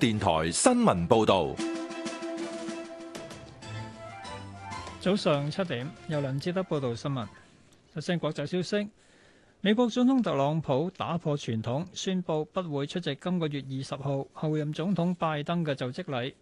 電台新聞報道，早上七點，由梁志德報道新聞。首先，國際消息：美國總統特朗普打破傳統，宣布不會出席今個月二十號候任總統拜登嘅就職禮。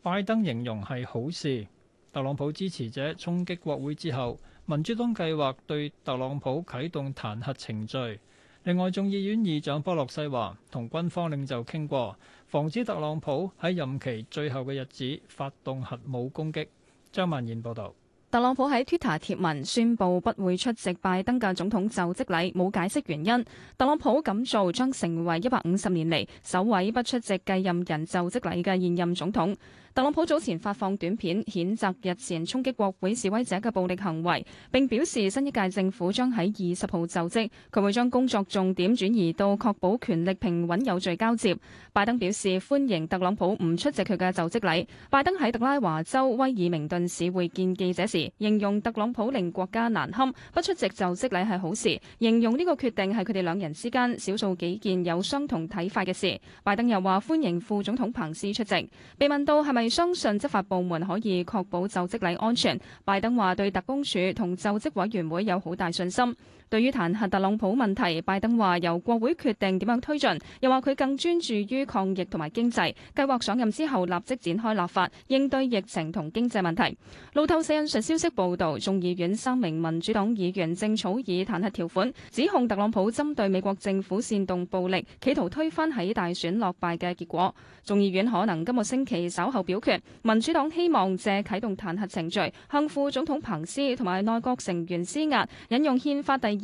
拜登形容係好事。特朗普支持者衝擊國會之後，民主黨計劃對特朗普啟動彈劾程序。另外，眾議院議長波洛西話：同軍方領袖傾過，防止特朗普喺任期最後嘅日子發動核武攻擊。張曼燕報道。特朗普喺 Twitter 貼文宣佈不會出席拜登嘅總統就職禮，冇解釋原因。特朗普咁做將成為一百五十年嚟首位不出席繼任人就職禮嘅現任總統。特朗普早前發放短片，譴責日前衝擊國會示威者嘅暴力行為，并表示新一屆政府將喺二十號就職，佢會將工作重點轉移到確保權力平穩有序交接。拜登表示歡迎特朗普唔出席佢嘅就職禮。拜登喺特拉華州威爾明頓市會見記者時。形容特朗普令國家難堪，不出席就職禮係好事。形容呢個決定係佢哋兩人之間少數幾件有相同睇法嘅事。拜登又話歡迎副總統彭斯出席。被問到係咪相信執法部門可以確保就職禮安全，拜登話對特工署同就職委員會有好大信心。對於彈劾特朗普問題，拜登話由國會決定點樣推進，又話佢更專注於抗疫同埋經濟，計劃上任之後立即展開立法應對疫情同經濟問題。路透社引述消息報道，眾議院三名民主黨議員正草擬彈劾條款，指控特朗普針對美國政府煽動暴力，企圖推翻喺大選落敗嘅結果。眾議院可能今個星期稍後表決，民主黨希望借啟動彈劾程序向副總統彭斯同埋內閣成員施壓，引用憲法第二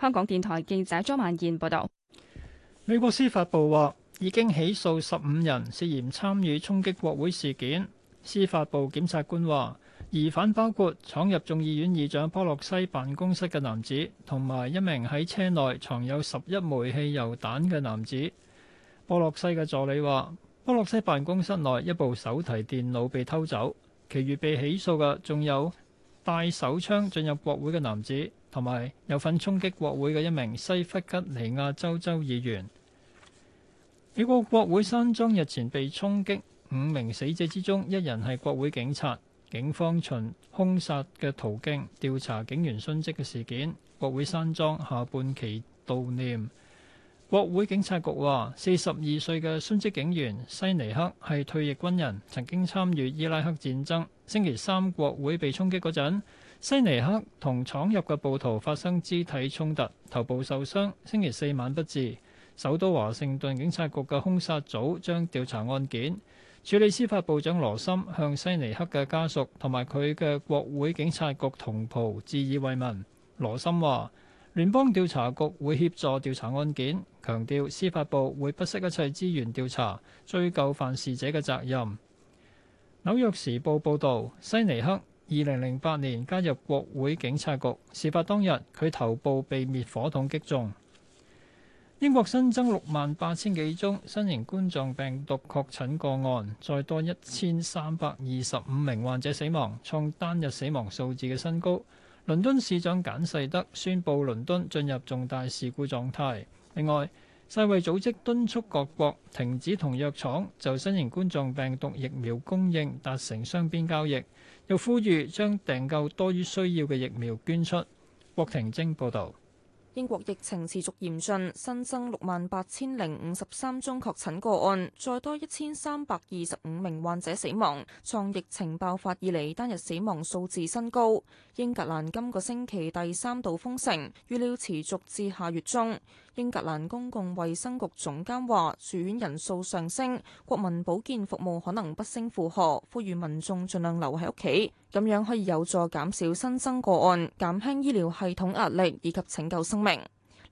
香港電台記者張萬賢報道，美國司法部話已經起訴十五人涉嫌參與衝擊國會事件。司法部檢察官話，疑犯包括闖入眾議院議長波洛西辦公室嘅男子，同埋一名喺車內藏有十一枚汽油彈嘅男子。波洛西嘅助理話，波洛西辦公室內一部手提電腦被偷走。其餘被起訴嘅仲有帶手槍進入國會嘅男子。同埋有份衝擊國會嘅一名西弗吉尼亞州州議員，美國國會山莊日前被衝擊，五名死者之中，一人係國會警察。警方循兇殺嘅途徑，調查警員殉職嘅事件。國會山莊下半旗悼念。國會警察局話，四十二歲嘅殉職警員西尼克係退役軍人，曾經參與伊拉克戰爭。星期三國會被衝擊嗰陣。西尼克同闖入嘅暴徒發生肢體衝突，頭部受傷，星期四晚不治。首都華盛頓警察局嘅兇殺組將調查案件。處理司法部長羅森向西尼克嘅家屬同埋佢嘅國會警察局同袍致以慰問，羅森話聯邦調查局會協助調查案件，強調司法部會不惜一切資源調查追究犯事者嘅責任。紐約時報報道西尼克。二零零八年加入國會警察局。事發當日，佢頭部被滅火筒擊中。英國新增六萬八千幾宗新型冠狀病毒確診個案，再多一千三百二十五名患者死亡，創單日死亡數字嘅新高。倫敦市長簡世德宣布倫敦進入重大事故狀態。另外，世衛組織敦促各國停止同藥廠就新型冠狀病毒疫苗供應達成雙邊交易，又呼籲將訂購多於需要嘅疫苗捐出。郭婷晶報導。英國疫情持續嚴峻，新增六萬八千零五十三宗確診個案，再多一千三百二十五名患者死亡，創疫情爆發以嚟單日死亡數字新高。英格蘭今個星期第三度封城，預料持續至下月中。英格蘭公共衛生局總監話：住院人數上升，國民保健服務可能不勝負荷，呼籲民眾盡量留喺屋企，咁樣可以有助減少新增個案，減輕醫療系統壓力以及拯救生命。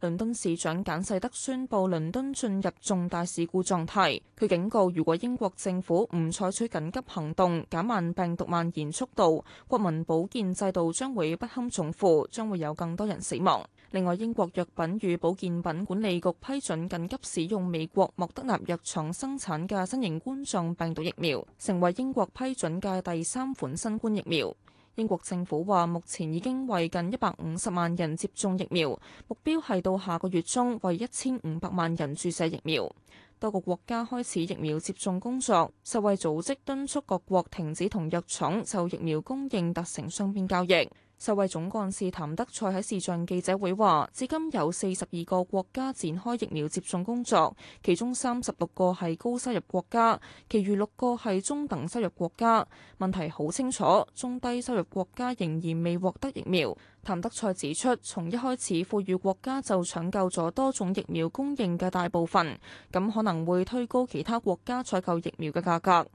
倫敦市長簡世德宣布倫敦進入重大事故狀態，佢警告：如果英國政府唔採取緊急行動，減慢病毒蔓延速度，國民保健制度將會不堪重負，將會有更多人死亡。另外，英國藥品與保健品管理局批准緊急使用美國莫德納藥廠生產嘅新型冠狀病毒疫苗，成為英國批准嘅第三款新冠疫苗。英國政府話，目前已經為近一百五十萬人接種疫苗，目標係到下個月中為一千五百萬人注射疫苗。多個國家開始疫苗接種工作，世衛組織敦促各國停止同藥廠就疫苗供應達成雙邊交易。世衛總幹事譚德賽喺視像記者會話，至今有四十二個國家展開疫苗接種工作，其中三十六個係高收入國家，其餘六個係中等收入國家。問題好清楚，中低收入國家仍然未獲得疫苗。譚德塞指出，從一開始，富裕國家就搶購咗多種疫苗供應嘅大部分，咁可能會推高其他國家採購疫苗嘅價格。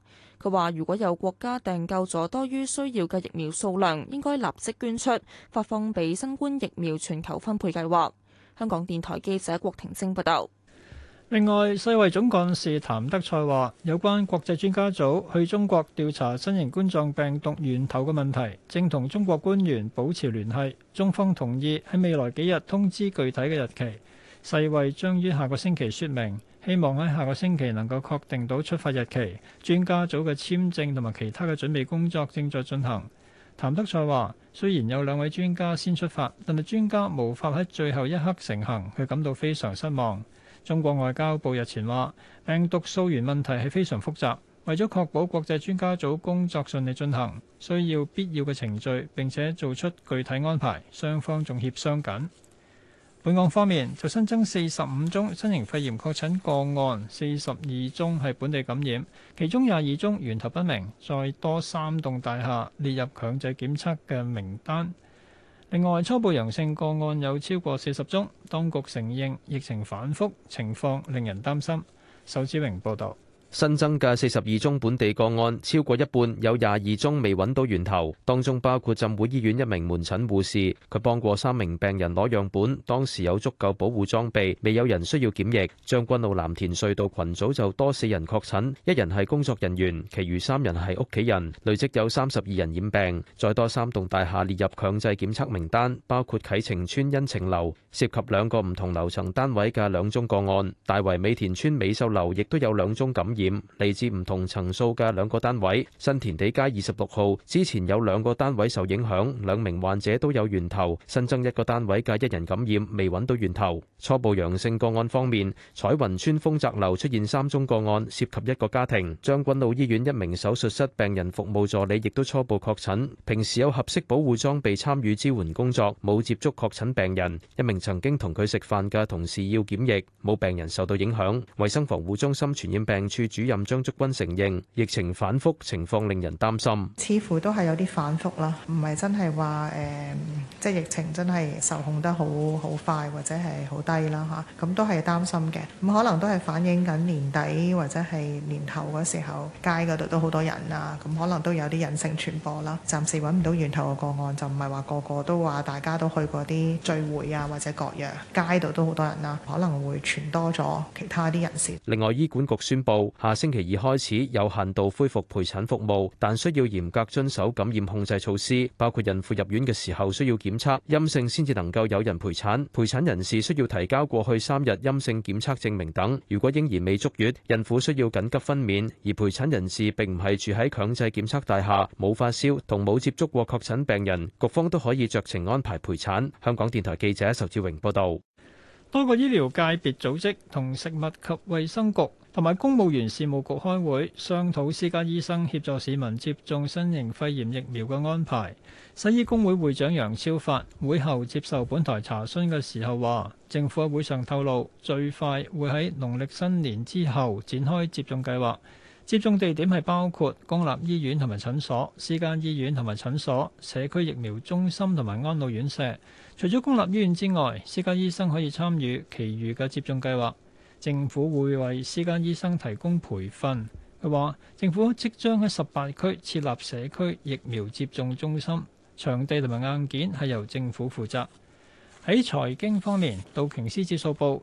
佢話：如果有國家訂購咗多於需要嘅疫苗數量，應該立即捐出，發放俾新冠疫苗全球分配計劃。香港電台記者郭婷晶報道。另外，世衛總幹事譚德塞話：有關國際專家組去中國調查新型冠狀病毒源頭嘅問題，正同中國官員保持聯繫。中方同意喺未來幾日通知具體嘅日期。世衛將於下個星期説明，希望喺下個星期能夠確定到出發日期。專家組嘅簽證同埋其他嘅準備工作正在進行。譚德塞話：雖然有兩位專家先出發，但係專家無法喺最後一刻成行，佢感到非常失望。中國外交部日前話，病毒溯源問題係非常複雜，為咗確保國際專家組工作順利進行，需要必要嘅程序，並且做出具體安排，雙方仲協商緊。本港方面就新增四十五宗新型肺炎確診個案，四十二宗係本地感染，其中廿二宗源頭不明，再多三棟大廈列入強制檢測嘅名單。另外，初步陽性個案有超過四十宗，當局承認疫情反覆情況令人擔心。仇志榮報道。新增嘅四十二宗本地個案，超過一半有廿二宗未搵到源頭，當中包括浸會醫院一名門診護士，佢幫過三名病人攞樣本，當時有足夠保護裝備，未有人需要檢疫。將軍澳藍田隧道群組就多四人確診，一人係工作人員，其餘三人係屋企人，累積有三十二人染病。再多三棟大廈列入強制檢測名單，包括啟晴邨恩晴樓，涉及兩個唔同樓層單位嘅兩宗個案。大圍美田邨美秀樓亦都有兩宗感染。嚟自唔同層數嘅兩個單位，新田地街二十六號之前有兩個單位受影響，兩名患者都有源頭，新增一個單位嘅一人感染，未揾到源頭。初步陽性個案方面，彩雲村豐澤樓出現三宗個案，涉及一個家庭。將軍澳醫院一名手術室病人服務助理亦都初步確診，平時有合適保護裝備參與支援工作，冇接觸確診病人。一名曾經同佢食飯嘅同事要檢疫，冇病人受到影響。衛生防護中心傳染病處。主任張竹君承認疫情反覆，情況令人擔心，似乎都係有啲反覆啦，唔係真係話誒，即、嗯、係、就是、疫情真係受控得好好快或者係好低啦吓，咁、啊、都係擔心嘅，咁可能都係反映緊年底或者係年頭嗰時候街嗰度都好多人啦，咁可能都有啲隱性傳播啦，暫時搵唔到源頭嘅個案，就唔係話個個都話大家都去過啲聚會啊或者各樣街度都好多人啦，可能會傳多咗其他啲人士。另外，醫管局宣佈。下星期二開始有限度恢復陪產服務，但需要嚴格遵守感染控制措施，包括孕婦入院嘅時候需要檢測陰性，先至能夠有人陪產。陪產人士需要提交過去三日陰性檢測證明等。如果嬰兒未足月，孕婦需要緊急分娩，而陪產人士並唔係住喺強制檢測大廈，冇發燒同冇接觸過確診病人，局方都可以酌情安排陪產。香港電台記者仇志榮報導。多個醫療界別組織同食物及衛生局。同埋，公務員事務局開會商討私家醫生協助市民接種新型肺炎疫苗嘅安排。西醫工會會長楊超發會後接受本台查詢嘅時候話，政府喺會上透露，最快會喺農曆新年之後展開接種計劃。接種地點係包括公立醫院同埋診所、私家醫院同埋診所、社區疫苗中心同埋安老院舍。除咗公立醫院之外，私家醫生可以參與其餘嘅接種計劃。政府會為私家醫生提供培訓。佢話：政府即將喺十八區設立社區疫苗接種中心，場地同埋硬件係由政府負責。喺財經方面，道瓊斯指數報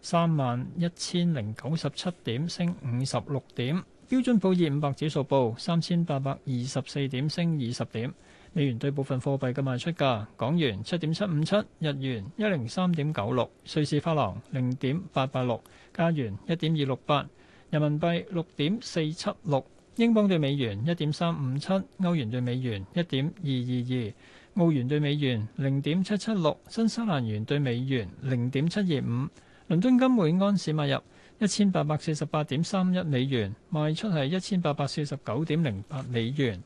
三萬一千零九十七點，升五十六點；標準普爾五百指數報三千八百二十四點，升二十點。美元對部分貨幣嘅賣出價：港元七點七五七，日元一零三點九六，瑞士法郎零點八八六，加元一點二六八，人民幣六點四七六，英鎊對美元一點三五七，歐元對美元一點二二二，澳元對美元零點七七六，新西蘭元對美元零點七二五。倫敦金每安士買入一千八百四十八點三一美元，賣出係一千八百四十九點零八美元。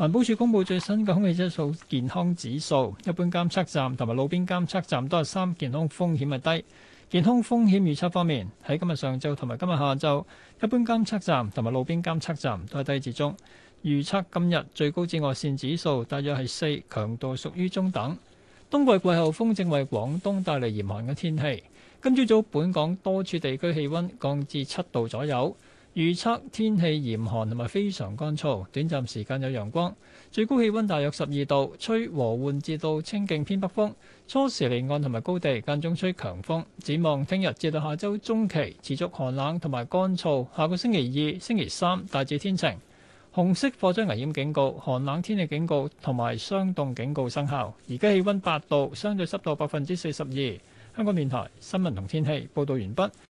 環保署公布最新嘅空氣質素健康指數，一般監測站同埋路邊監測站都係三，健康風險係低。健康風險預測方面，喺今日上晝同埋今日下晝，一般監測站同埋路邊監測站都係低至中。預測今日最高紫外線指數大約係四，強度屬於中等。冬季季候風正為廣東帶嚟嚴寒嘅天氣。今朝早本港多處地區氣温降至七度左右。預測天氣嚴寒同埋非常乾燥，短暫時間有陽光，最高氣温大約十二度，吹和緩至到清勁偏北風。初時離岸同埋高地間中吹強風。展望聽日至到下周中期持續寒冷同埋乾燥。下個星期二、星期三大致天晴。紅色火災危險警告、寒冷天氣警告同埋霜凍警告生效。而家氣温八度，相對濕度百分之四十二。香港電台新聞同天氣報導完畢。